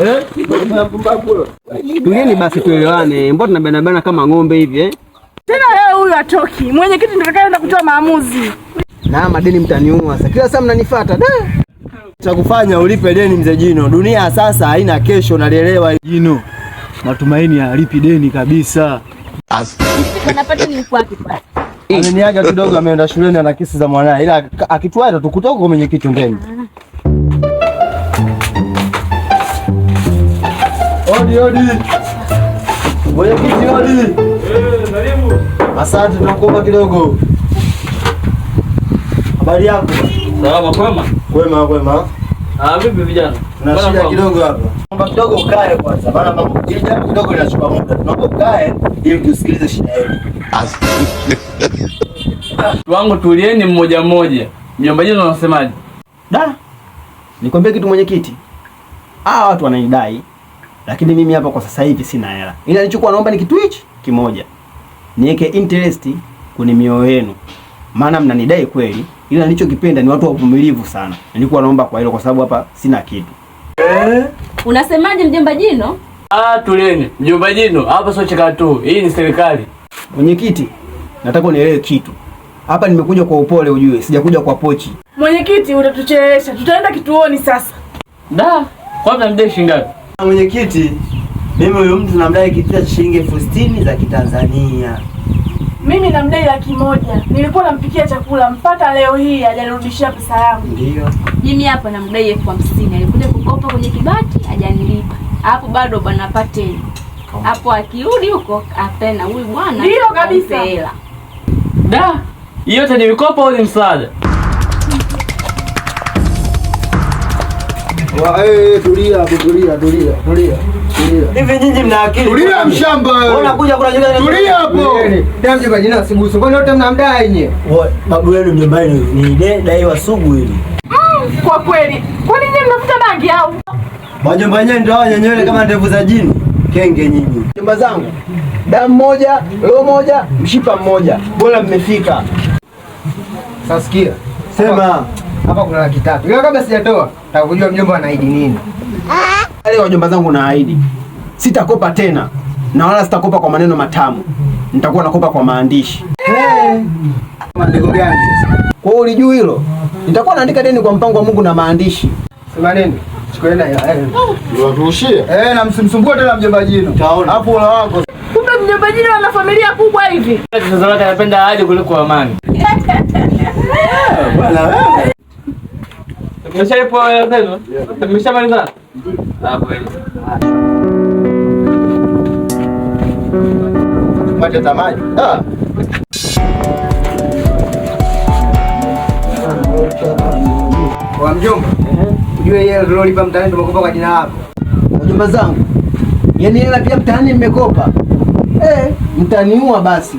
Eh? Tulieni basi tuelewane, mbona tunabanabana kama ng'ombe hivi eh? Tena leo huyu atoki mwenyekiti, ndio atakayeenda kutoa maamuzi na madeni. Mtaniua sasa, kila saa mnanifuata da cha kufanya ulipe deni mzee Jino. Dunia sasa haina kesho, nalielewa Jino. Matumaini halipi deni kabisa. kwa? Ameniaga kidogo, ameenda shuleni, ana kesi za mwanae, ila akituaita tukutoka kwa mwenyekiti mbeni. Hodi hodi. Mwenyekiti hodi. Eh, Asante, tunakuomba kidogo. Habari yako? Salama kwema? Kwema kwema. Ah, vipi vijana? Tuna shida kidogo hapa. Naomba kidogo ukae kwanza. Maana mambo kija kidogo inachukua muda. Tunaomba ukae ili tusikilize shida yenu. Wangu tulieni mmoja mmoja. Mjomba jenu anasemaje? Da. Nikwambie kitu mwenyekiti. Ah, watu wanaidai lakini mimi hapa kwa sasa hivi sina hela, ila nilichokuwa naomba ni kitu hichi kimoja, niweke interest kwenye mioyo yenu, maana mnanidai kweli, ila nilichokipenda ni watu wavumilivu sana. Nilikuwa naomba kwa hilo, kwa sababu hapa sina kitu. Eh, unasemaje mjomba Jino? Ah, tulieni mjomba Jino, hapa sio cheka tu, hii ni serikali. Mwenyekiti, nataka unielewe kitu hapa. Nimekuja kwa upole, ujue sijakuja kwa pochi. Mwenyekiti, utatuchelewesha, tutaenda kituoni sasa. Da, kwa mnamdeshi ngapi? Mwenyekiti, mimi huyu mtu namdai kitita cha shilingi elfu sitini za Kitanzania. Mimi namdai laki moja. Nilikuwa nampikia chakula mpaka leo hii hajanirudishia pesa yangu. Ndio. Mimi hapa namdai elfu hamsini. Alikuja kukopa kwenye kibati hajanilipa. Hapo bado bwana apate. Hapo akirudi huko apena ah, huyu bwana. Ndio kabisa. Da, hiyo yote ni mikopo au ni msaada? Eh, Hivi nyinyi mna akili? Tulia Babu yenu mjomba ni dai wa sugu hili. Kwa kweli. Kwani nyinyi mnafuta bangi au? Majomba yenyewe ndio nyenyewe kama ndevu za jini. Kenge nyinyi. Jomba zangu. Damu moja, roho moja, mshipa mmoja. Bora mmefika. Sasikia. Sema. Hapa kuna laki tatu. Hiyo kabla sijatoa, takujua mjomba anaahidi nini. Wale wajomba zangu naahidi. Sitakopa tena. Na wala sitakopa kwa maneno matamu. Nitakuwa nakopa kwa maandishi. Hey. Eh. Maandiko gani Kwa hiyo ulijua hilo? Nitakuwa naandika deni kwa mpango wa Mungu na maandishi. Sema nini? Eh. Eh, na msimsumbue tena mjomba jino. Hapo ula wako. Kumbe mjomba jino ana familia kubwa hivi. Sasa anapenda aje kuliko amani. Bwana wewe. Mmeshamaliza? Kwa mjomba, ujue yeye ulilolipa mtaani tumekopa kwa jina lako. Wajomba zangu, yaani hela pia mtaani mmekopa. Eh, mtaniua basi.